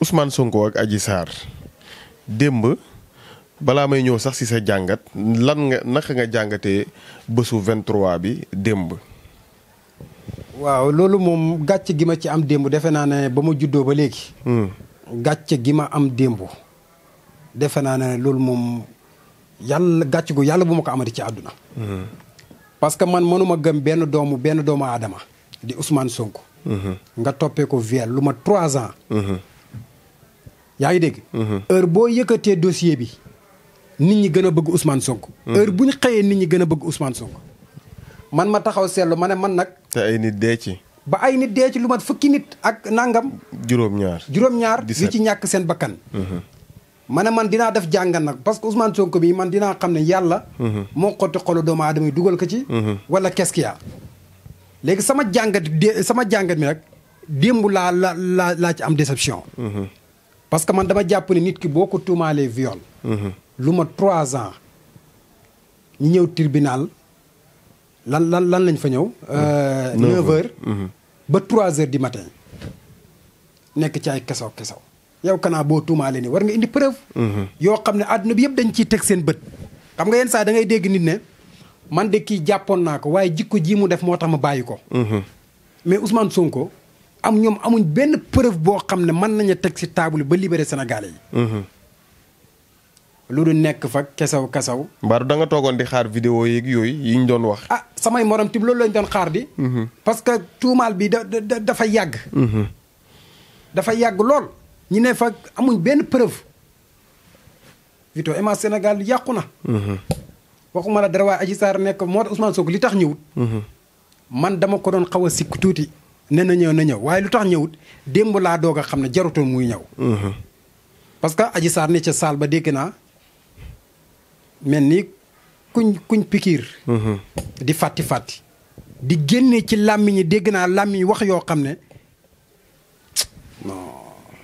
Ousmane sonkoo ak Adji Sarr démb balaa may ñëw sax ci sa jàngat lan nga naka nga jàngatee bésu 23 bi démb. waaw loolu moom gàcce gi ma ci am démb defe naa ne ba ma juddoo ba léegi. Hmm. gàcce gi ma am démb. defe naa ne loolu moom yàlla gàcce ko yàlla bu ma ko amati ci àdduna. Hmm. parce man mënuma gëm benn doomu benn doomu aadama. di Ousmane Sonko. Hmm. nga toppee ko viol lu ma trois ans. yaa ngi dégg. Mhm. heure boo yëkkatee dossier bi nit ñi gën a bëgg Ousmane Sonko. Mhm. heure bu ñu xëyee nit ñi gën a bëgg Ousmane Sonko. man ma taxaw seetlu ma ne man nag. te ay nit dee ci. ba ay nit dee ci lu mat fukki nit ak nangam. juróom-ñaar juróom ci ñàkk seen bakkan. Mhm. ma ne man dinaa def jàngat nag parce que Ousmane Sonko bi man dinaa xam ne yàlla. moo xotti xolu doomu aadama yi dugal ko ci. wala qu'est-ce léegi sama jàngat de sama jàngat mi nag démb laa la laa ci am déception. parce que man dama jàpp ne nit ki boo ko tuumaalee viol. Mhm. lu ma trois ans ñu ñëw tribunal lan lan lan lañ fa ñëw. Euh, neuf heures mhm. ba trois heures di matin nekk ci ay kesaw kesaw yow kanaa boo tuumaalee ni war nga indi preuve. Mhm. yoo xam ne àdduna bi yëpp dañ ciy teg seen bët. xam nga yenn saa da ngay dégg nit ne man de kii jàppoon naa ko waaye jikko ji mu def moo tax ma bàyyi ko. mais Ousmane Sonko am ñoom amuñ benn preuve boo xam ne man nañu teg ci table ba libéré Sénégalais yi. Mhm. lu du nekk fa kesew kesew mbaa da nga toogoon di xaar vidéo yéeg yooyu yi ñu doon wax. a ah, samay morom tim loolu lañ doon xaar di. Mhm. parce que tuumaal bi da dafa yàgg. Mhm. dafa yàgg lool. ñu ne fa amuñ benn preuve. Vito image Sénégal yàqu na. waxuma la dara waaye Adji Sarr nekk moo tax Ousmane Sonko li tax ñëwut. man dama ko doon xaw a sikk tuuti. ne na ñëw na ñëw waaye lu tax ñëwut démb laa doog xam ne jarutoon muy ñëw. Uh-huh. parce que Adji Sarr ne ca saal ba dégg naa mel ni kuñ kuñ pikiir. Uh-huh. di fàtti fàtti. di génne ci làmmiñi dégg naa làmmiñ wax yoo xam ne non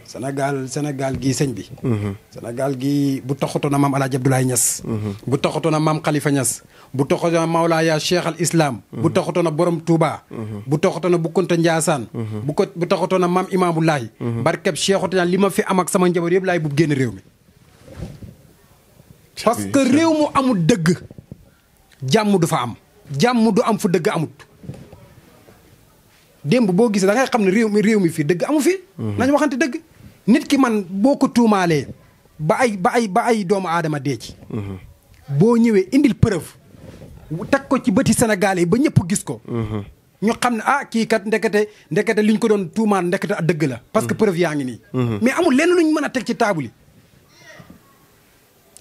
senegal Sénégal gii sëñ bi. Uh-huh. Sénégal gii bu taxutoon na maam El Hadj Abdoulaye Niass. bu taxutoon maam Khalifa Niass. bu toxotoona Mawlaaya Cheikh islaam Islam. bu na borom Touba. bu toxotoona bu Kunta Njaasaan. bu ko bu toxotoona maam Imaamullaahi. barkeb Cheikh Tidiane li ma fi am ak sama njaboot yëpp laay bu génn réew mi. parce que réew mu amul dëgg jàmm du fa am. jàmm du am fu dëgg amut. démb boo gisee da ngay xam ne réew mi réew mi fii dëgg amu fi. Mhm. nañu waxante dëgg. nit ki man boo ko tuumaalee ba ay ba ay ba ay doomu aadama dee ci. Mhm. boo ñëwee indil preuve. teg ko ci bëti Sénégal yi ba ñëpp gis ko. Mhm. ñu xam ne ah kii kat ndekete ndekete liñ ko doon tuumaan ndekete dëgg la. parce que mhm. preuve yaa ngi nii. Mhm. mais amul lenn luñ mën a teg ci taabul yi.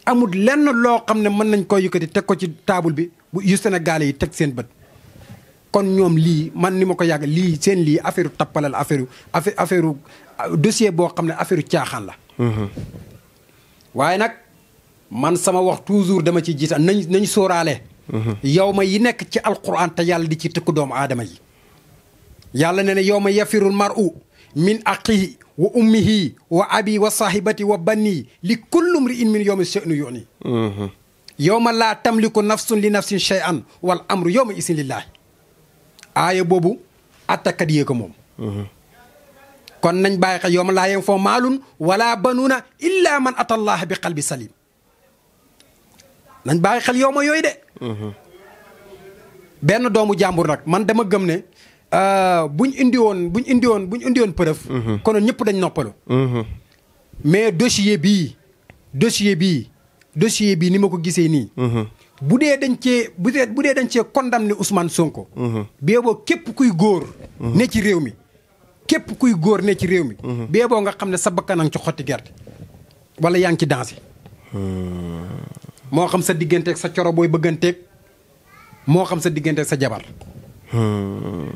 amul lenn loo xam ne mën nañ koy yëkkati teg ko ci taabul bi yu Sénégal yi teg seen bët. kon ñoom lii man ni ma ko yàgg lii seen lii affaire tappale la affaire affaire affaire euh, dossier boo xam ne affaire caaxaan la. waaye nag man sama wax toujours dama ci jiital nañ nañ sóoraale. yow ma yi nekk ci alquran te yàlla di ci tëkku doomu aadama yi yàlla ne ne yow ma yafirul mar'u min aqihi wa ummihi wa abi wa sahibati wa banni li kullum ri min yowmi shenu yoni mhm. yow ma laa tamliku nafsun li nafsin shay'an wal amru yow ma isin lillaahi aaya boobu attakat yee moom mhm. kon nañ bàyyi xel yow ma laa yem foo maalun wala banuuna illa man ata allah bi qalbi salim nañ bàyyi xel yow ma yooyu de benn doomu jàmbur nag man dama gëm ne euh, buñ indi woon buñ indi woon buñ indi woon preuve. Mhm. konoon ñëpp dañ noppalu. Mhm. mais dossier bii dossier bii dossier bii ni ma ko gisee nii. Mhm. bu dee dañ cee bu dee bu dee dañ cee condamné Ousmane Sonko. bee boo képp kuy góor. ne ci réew mi képp kuy góor ne ci réew mi. bee boo nga xam ne sa bakkan a ci xotti gerte wala yaa ngi ci dansé. Hmm. moo xam sa digganteek sa coro booy bëgganteeg moo xam sa digganteeg sa jabar. Hmm.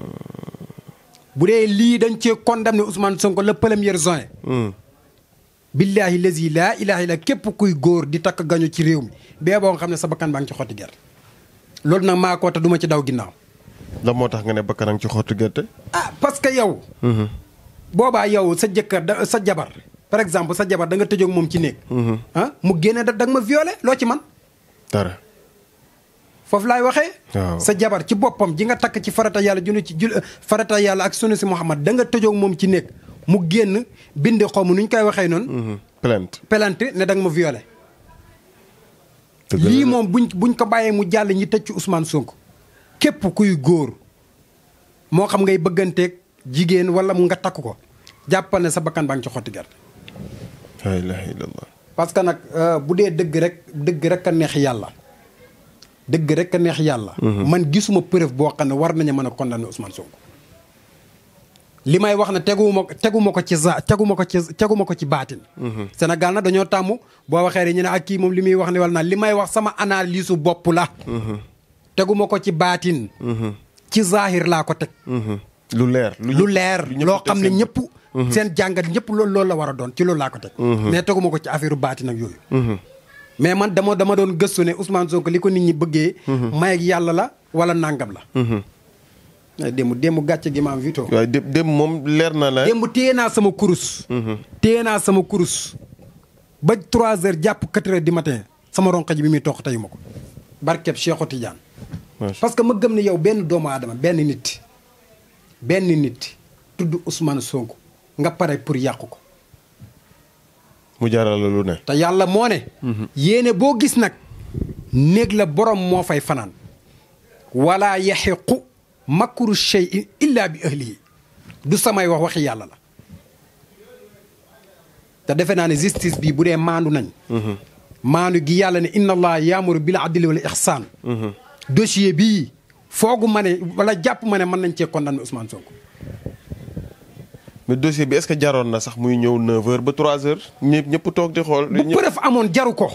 bu dee lii dañ cee condamné Ousmane Sonko le premier juin. Hmm. billaahi lazi laa ilaaha illa képp kuy góor di takk gañu ci réew mi bee boo xam ne sa bakkan baa ngi ci xotti gerte loolu nag maa ko te du ci daw ginnaaw. lan moo tax nga ne bakkan a ngi ci xottu gerte. ah parce que yow. Hmm. boobaa yow sa jëkkër sa jabar. par exemple sa jabar da nga tëjoog moom ci néeg mhm. ah mu génne da ma violé loo ci man foofu laay waxee sa jabar ci boppam ji nga takk ci farata yàlla julli ci jul farata yàlla ak sunu si Muhammad da nga tëjoog moom ci néeg mu génn bind xawma nu ñu koy waxee noonu mhm. plainte plainte ne da ma viole lii moom buñ buñ ko bàyyee mu jàll ñi tëj ci Ousmane Sonko képp kuy góor moo xam ngay bëgganteeg jigéen wala mu nga takk ko jàppal ne sa bakkan baa ngi ci xotti gerte la que nag euh, bu dee dëgg rek dëgg rek a neex yàlla dëgg rek a neex yàlla mhm. man gisuma preuve boo xam ne war nañu mën a condamné Ousmane Sonko li may wax ne teguma teguma ko ci za teguma ko ci teguma ko ci baatin mhm. Sénégal na dañoo tàmm boo waxee rek ñu ne ak kii moom li muy wax ni wala naa li may wax sama analyse bopp la mhm. teguma ko ci baatin ci zaahir laa ko teg lu leer lu leer loo xam ne ñëpp Mm-hmm. seen jàngat ñëpp loolu la war a doon ci loolu laa ko teg mm-hmm. mais teguma ko ci affaire baatin ak yooyu mm-hmm. mais man dama dama doon gëstu ne Ousmane Sonko li ko nit ñi bëggee may yàlla la wala nàngam la eh, démb démb gàcce gi ma am vito moom leer na la démb téye naa sama kurus téye naa sama kurus ba trois heures jàpp quatre heures du sama ronq ji bi muy toq teyu ko barkeb Cheikhou Tidiane parce que ma gëm ne yow benn doomu aadama benn nit benn nit tudd Ousmane nga pare pour yàqu ko. mu jaral te yàlla moo ne. yéene boo gis nag néeg la borom moo fay fanaan. wala yaxiqu makru shay'in illa bi ahlihi du samay wax waxi yàlla la. te defe naa ne justice bi bu dee maandu nañ. maandu gi yàlla ne inna allah yaamuru bil adli wal ihsaan. Mhm. bi foogu ma ne wala jàpp ma ne man nañ cee condamné Ousmane Sonko. mais dossier bi est jaroon na sax muy ñëw 9 ba 3h ñëpp ñëpp toog di xool. bu preuve amoon jaru ko.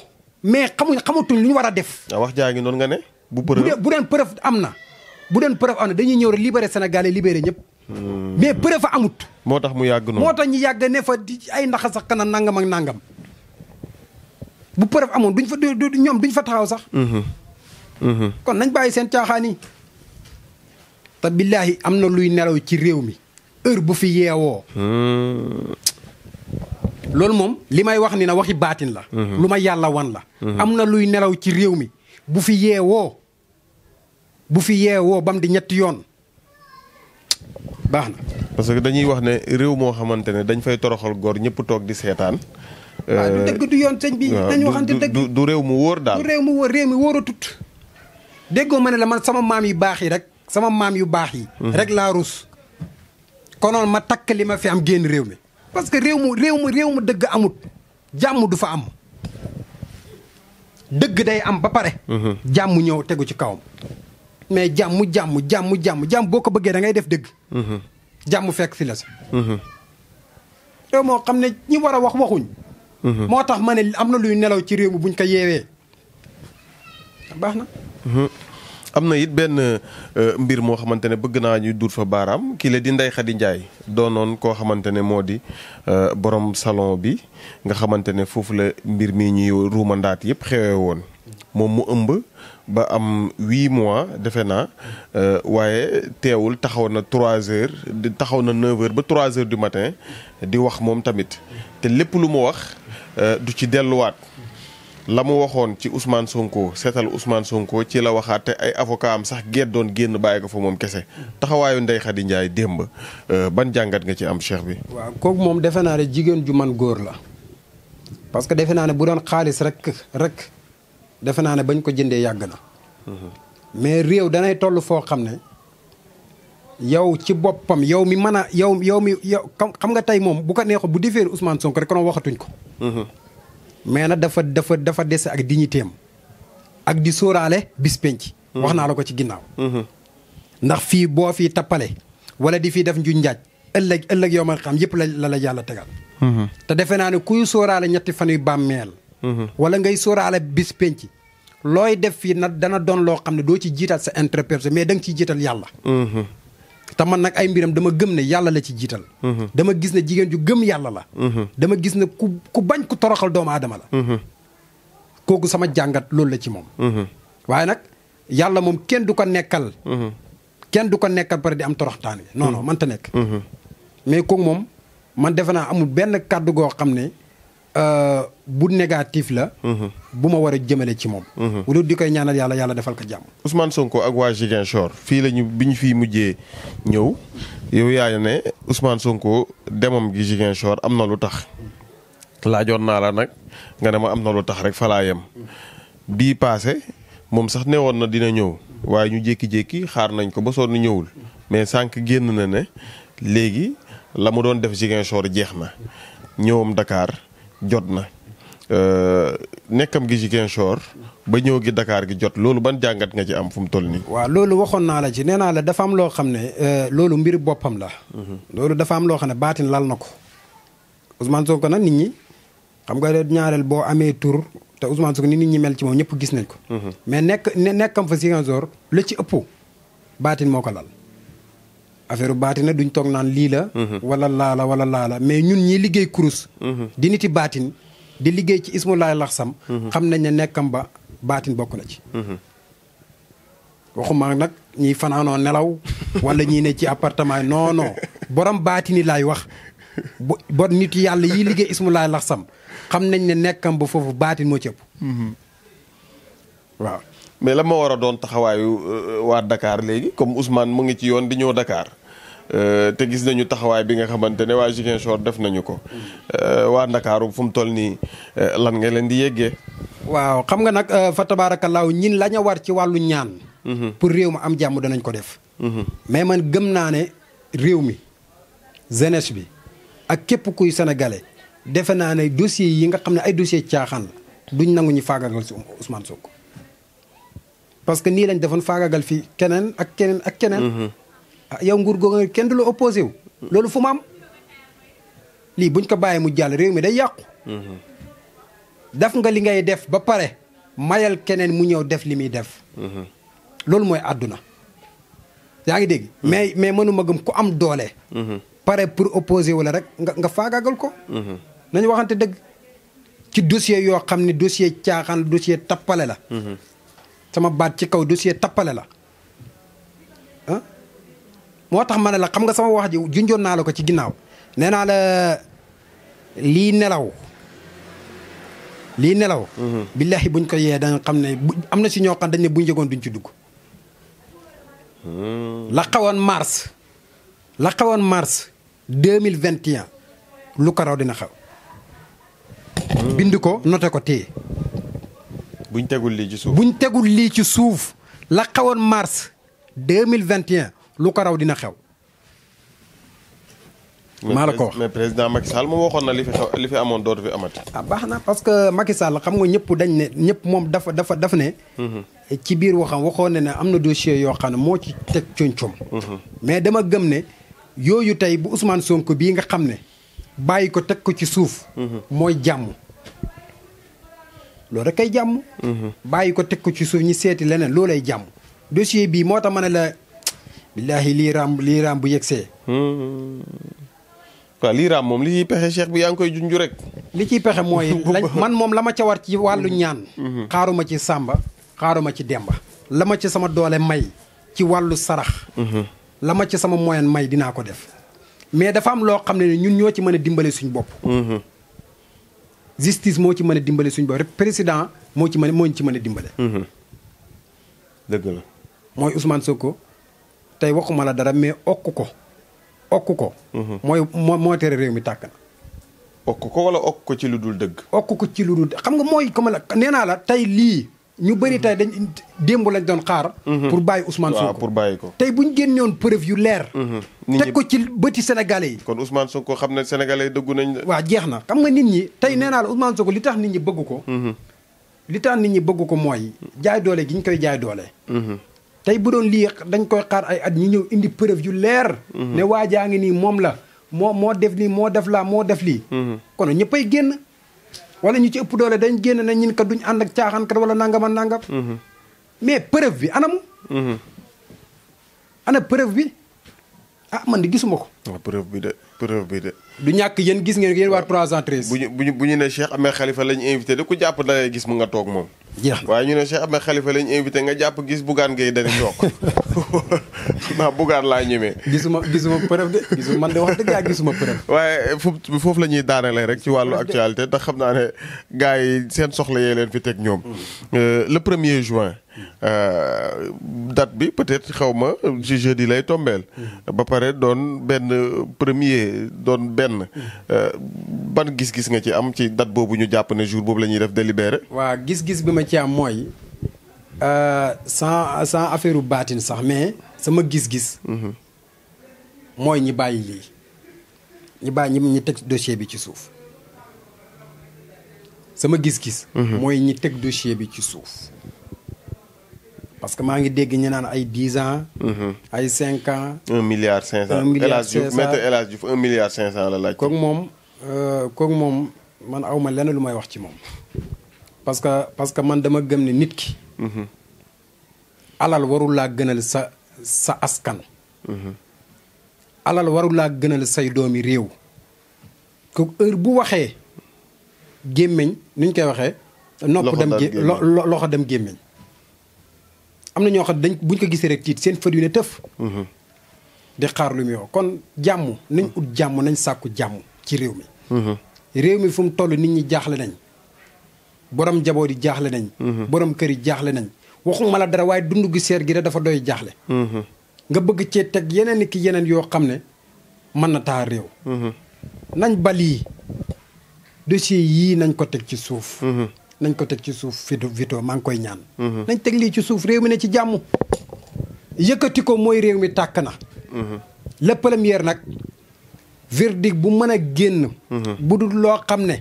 mais xamuñ xamatuñ lu ñu war a def. Ah, wax jaa ngi noon nga ne. bu preuve bu deen preuve am na. bu deen preuve am na dañuy ñëw rek libéré Sénégalais libéré ñëpp. Hmm. mais preuve amut. moo tax mu yàgg noonu moo tax ñu yàgg ne fa di ay ndax sax kana nangam ak nangam. bu preuve amoon duñ fa du ñoom duñ fa taxaw sax. Hmm. Hmm. kon nañ bàyyi seen caaxaan yi. te billaahi am na luy nelaw ci réew mi. heure bu fi yeewoo. loolu moom li may wax ni na waxi baatin la. Mhm. lu ma yàlla wan la. am na luy nelaw ci réew mi bu fi yeewoo bu fi yeewoo bam di ñetti yoon baax na. parce que dañuy wax ne réew moo xamante ne dañ fay toroxal góor ñëpp toog di seetaan. waaw du euh, dëgg du yoon sëñ bi dañu waxante dëgg. du réew mu wóor daal du réew mu wóor réew mi wóoratut déggoo ma ne la man sama maam yu baax yi rek sama maam yu baax yi. Mhm. rek laa rus. konoon ma takk li ma fi am génn réew mi parce que réew mu réew mu dëgg amut jàmm du fa am dëgg day am ba pare mhm. jàmm ñëw tegu ci kawam mais jàmm jàmm jàmm jàmm jàmm boo ko bëggee da ngay def dëgg mhm. jàmm fekk si la si réew mhm. moo xam ne ñi war a wax waxuñ moo tax ma ne am na luy nelaw ci réew mi buñ ko yeewee baax na am na it benn euh, mbir moo xamante ne bëgg naa ñu duut fa baaraam kii la di Ndeye Khady Ndiaye doonoon koo xamante ne moo di euh, borom salon bi nga xamante ne foofu la mbir mi ñuy ruumandaat yëpp xewee woon moom mu ëmb ba am huit mois defe naa euh, waaye teewul taxaw na trois heures taxaw na neuf ba trois heures du matin di wax moom tamit te lépp lu mu wax du ci delluwaat. la mu waxoon ci usmaan Sonko seetal Ousmane Sonko ci la waxaat te ay avocat am sax geet doon génn bàyyi ko fa moom kese taxawaayu Ndeye Khady Ndiaye démb euh, ban jàngat nga ci am cheikh bi. waaw kooku moom defe naa ne jigéen ju man góor la parce que defe naa ne bu doon xaalis rek rek defe naa ne bañ ko jëndee yàgg na. mais réew danay toll foo xam ne yow ci boppam yow mi mën a yow yow mi yow xam nga tey moom bu ko neexoon bu defee Ousmane Sonko rek konoon waxatuñ ko. mais nag dafa dafa dafa dese ak di téem ak di sooraale bis penc wax naa la ko ci ginnaaw ndax fii boo fii tappale wala di fii def njuñ njaaj ëllëg ëllëg yow man xam yëpp la la la yàlla tegal mhm. te defe naa ne kuy sooraale ñetti fan yu bàmmeel mhm. wala ngay sóoraale bis penc looy def fii nag dana doon loo xam ne doo ci jiital sa interprète mais da nga ciy jiital yàlla mhm. te man nag ay mbiram dama gëm ne yàlla la ci jiital mhm. dama gis ne jigéen ju gëm yàlla la mhm. dama gis ne ku ku bañ ku toroxal doomu aadama la mhm. kooku sama jàngat loolu la ci moom waaye nag yàlla moom kenn du ko nekkal kenn du ko nekkal pare di am toroxtaan bi non non nekk mais kooku moom man defe naa amul benn kàddu goo xam ne Euh, bu négatif la. Mhm. bu ma war a jëmale ci moom. wala mhm. di koy ñaanal yàlla yàlla defal ko jàmm. Ousmane Sonko ak waa Ziguinchor fii la ñu bi ñu fii mujjee ñëw yow yaa ne Ousmane Sonko demam gi Ziguinchor am na lu tax laajoon naa la nag nga ne ma am na lu tax rek falaa yem bii paase moom sax ne na dina ñëw waaye ñu jékki-jékki xaar nañ ko ba sonn ñëwul mais sànq génn na ne léegi la mu doon def Ziguinchor jeex na ñëwam Dakar. jot na euh, nekkam gi Ziguinchor ba ñëw gi dakaar gi jot loolu ban jàngat nga ci am fu mu toll nii. waaw loolu waxoon naa la ci nee naa la dafa am loo xam ne euh, loolu mbir boppam la. Mhm. loolu dafa am loo xam ne baatin lal na ko Ousmane ko nag nit ñi xam nga ñaareel boo amee tur te Ousmane Sonko ni nit ñi mel ci moom ñëpp gis nañ ko. Mhm. mais nekk nekkam fa Ziguinchor la ci ëpp baatin moo ko lal. affaire baatina duñ toog naan lii la. Mhm. wala laa la wala laa la mais ñun ñii liggéey kurus. Mhm. di niti baatin di liggéey ci ismu laay laxsam. Mhm. xam nañ ne nekkam ba baatin bokk na ci. nag ñiy fanaanoo nelaw wala ñii ne ci appartement yi non non wax bu ba yàlla yiy liggéey ismu laay laxsam xam nañ ne nekkam ba foofu baatin moo ci waaw mais la ma war a doon taxawaayu euh, waa dakaar léegi comme Ousmane mu ngi ci yoon di ñëw dakaar Euh, te gis nañu taxawaay bi nga xamante ne waa Ziguinchor def nañu ko. Euh, waa Ndakaaru fu mu toll nii euh, lan nga leen di yéggee. waaw xam nga nag fa tabaarakallaahu ñin la ñu war ci wàllu ñaan. Mhm. pour réew mi am jàmm danañ ko def. Mhm. mais man gëm naa ne réew mi jeunesse bi ak képp kuy sénégalais defe naa ne dossiers yi nga xam ne ay dossiers caaxaan duñ nangu ñu faagagal si Ousmane Sonko parce que nii lañ defoon faagagal fii keneen ak keneen ak keneen. Mhm. Ah, yow nguur googu kenn du la opposé wu. loolu fu ma am lii buñ ko bàyyi mu jàll réew mi day yàqu. Mhm. def nga li ngay def ba pare mayal keneen mu ñëw def li muy def. Mhm. loolu mooy àdduna. yaa ngi dégg mhm. mais mais mënuma gëm ku am doole. pare pour opposer la rek nga nga faagaagal ko. nañu waxante dëgg ci dossier yoo xam ne dossier caaxaan dossier tappale la. sama baat ci kaw dossier tappale la moo tax ma ne la xam nga sama wax ji junjoon naa la ko ci ginnaaw nee naa la lii nelaw lii nelaw. Mhm. billahi buñ ko yee da xam ne am na si ñoo xam dañ ne buñ yëgoon duñ ci dugg. Hmm. la xawoon mars. la xawoon mars deux mille vingt et lu ko dina xaw. Hmm. bind ko note ko téye. buñ tegul lii ci suuf buñ tegul lii ci suuf la xawoon mars deux mille vingt et lu ko raw dina xew. maa la ko wax mais président Macky Sall moom waxoon na li fi xew li fi amoon dootu fi amati. Ah, baax na parce que Macky Sall xam nga ñëpp dañ ne ñëpp moom dafa dafa daf ne. Mm-hmm. ci biir waxam waxoon na ne am na dossier yoo xam ne moo ci teg coñcoom. Mm-hmm. mais dama gëm ne yooyu tey bu Ousmane Sonko bii nga xam ne bàyyi ko teg ko ci suuf. Mm-hmm. mooy jàmm. loolu rek ay jàmm. bàyyi ko teg ko ci suuf ñu seeti leneen ay jàmm. dossier bii moo tax ne la billaahi lii raam lii raam bu yegsee. Hmm. waaw lii raam moom li ciy pexe cheikh bi yaa ngi koy junju rek. li ciy pexe mooy man moom la ma ca war ci wàllu ñaan. Hmm. xaaruma ci Samba xaaruma ci Demba. la ma ci sama doole may ci wàllu sarax. Hmm. la ma ci sama moyen may dinaa ko def. mais dafa am loo xam ne ñun ñoo ci mën a dimbale suñu bopp. justice moo ci mën a dimbale suñ bopp président moo ci mën moo ci mën a dimbale. mooy la mooy ko tey waxuma la dara mais okk ko okk ko mhm. mooy moo mooy tere réew mi tàkk na okk ko wala okk ko ci lu dul dëgg okk ko ci lu dul xam nga mooy comme la nee naa la tey lii ñu bari mhm. tey dañ démb lañ doon xaar mhm. pour bàyyi Ousmane Sonko pour bàyyi ko tey bu ñu génnoon preuve yu leer teg ko ci bëti sénégalais yi kon Ousmane Sonko xam ne sénégalais yi dëggu nañ waa jeex na xam nga nit ñi tey nee naa la Ousmane Sonko li tax nit ñi bëggu ko li tax nit ñi bëgg ko mooy jaay doole gi ñu koy jaay tey bu doon lii dañ koy xaar ay at ñi ñëw indi preuve yu leer. Mhm. ne waa jaa ngi nii moom la moo moo def nii moo def laa moo def lii. Mhm. kon ñëppay génn. wala ñu ci ëpp doole dañ génn nañ ñun kat duñ ànd ak caaxaankat wala nangam ak nangam. Mhm. mais preuve bi anamu. ana preuve bi ah man de gisuma ko. waaw preuve bi de preuve bi de. du ñàkk yéen gis ngeen yéen waa 313. bu ñu bu ñu bu ñu ne Cheikh Ahmed Khalifa lañ invité de ku jàpp da gis mu nga toog moom. jeex waaye ñu ne Cheikh Ahmed Khalifa lañ invité nga jàpp gis Bougane Gueye Dany toog naa Bougane laa ñemee. gisuma gisuma preuve de gisuma man de wax dëgg yàlla gisuma preuve. waaye foofu foofu la ñuy daanalee rek ci wàllu actualité ndax xam naa ne gars yi seen soxla yee leen fi teg ñoom. Mm. Euh, le premier juin. Euh, dat bi peut-être xaw ma ci jeudi lay tombeel mm. ba pare doon benn premier doon benn mm. euh, ban gis-gis nga ci am ci date boobu ñu jàpp ne jour boobu la ñuy def délibéré. waa gis-gis bi ma ma ci am mooy euh, sans sans affaire u baatin sax mais sama gis-gis. Mhm. mooy ñi bàyyi lii ñi bàyyi ñi teg dossier bi ci suuf sama gis-gis. Mhm. mooy ñi teg dossier bi ci suuf. parce que maa ngi dégg ñu naan ay dix ans. Mhm. ay cinq ans. un milliard cinq cent un milliard cinq cent maître El la laaj. kooku moom euh, kook moom man awma lenn lu may wax ci moom. parce que parce que man dama gëm ne nit ki. Mhm. alal warul laa gënal sa sa askan. Mhm. alal warul laa gënal say doomi réew. ko heure bu waxee gémmiñ ni ñu koy waxee. nopp dem loxo dem gémmiñ am na ñoo xam dañ buñ ko gisee rek tiit seen fët yu ne tëf. Mhm. di xaar lu muy wax kon jàmm nañ ut jàmm nañ sàkku jàmm ci réew mi. réew mi fu mu toll nit ñi jaaxle nañ. borom njaboot yi jaaxle nañ. Mhm. boroom kër yi jaaxle nañ. waxuma la dara waaye dund gi seer gi dafa doy jaaxle. Mhm. nga bëgg cee teg yeneen ki yeneen yoo xam ne mën na taa réew. Mhm. nañ bali dossier yii nañ ko teg ci suuf. nañ ko teg ci suuf Vito Vito maa ngi koy ñaan. nañ teg lii ci suuf réew mi ne ci jàmm. yëkkati ko mooy réew mi tàkk na. le premier nag verdict bu mën a génn. bu dul loo xam ne.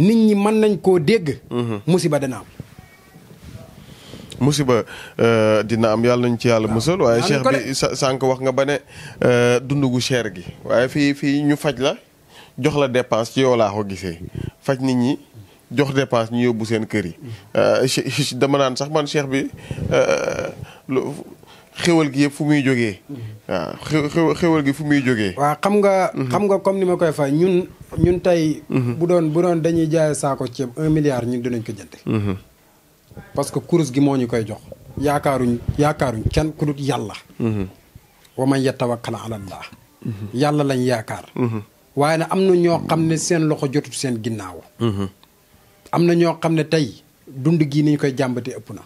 nit ñi mën nañ koo dégg. Mhm. musiba dana am. musiba euh, dina am yàlla nañ ci yàlla musal waaye cheikh bi sànq wax nga ba ne euh, dund gu cher gi waaye fii fii ñu faj la jox la dépense ci yow gisee faj nit ñi jox dépense ñu yóbbu seen kër yi euh, dama naan sax man cheikh bi xewal gi fu muy jógee. Mm-hmm. waaw gi fu muy jógee. waaw xam nga. Mm-hmm. xam nga comme ni ma koy fay ñun ñun tey. Mm-hmm. bu doon bu doon dañuy jaay saako ceeb un milliard ñun dinañ ko jënd. parce que kurus gi moo ñu koy jox. yaakaaruñ yaakaaruñ kenn ku dut yàlla. wa man yatawakkal ala Allah. yàlla lañ yaakaar. waaye nag am na ñoo xam ne seen loxo jotut seen ginnaaw. am na ñoo xam ne tey dund gii niñ koy jàmbatee ëpp na.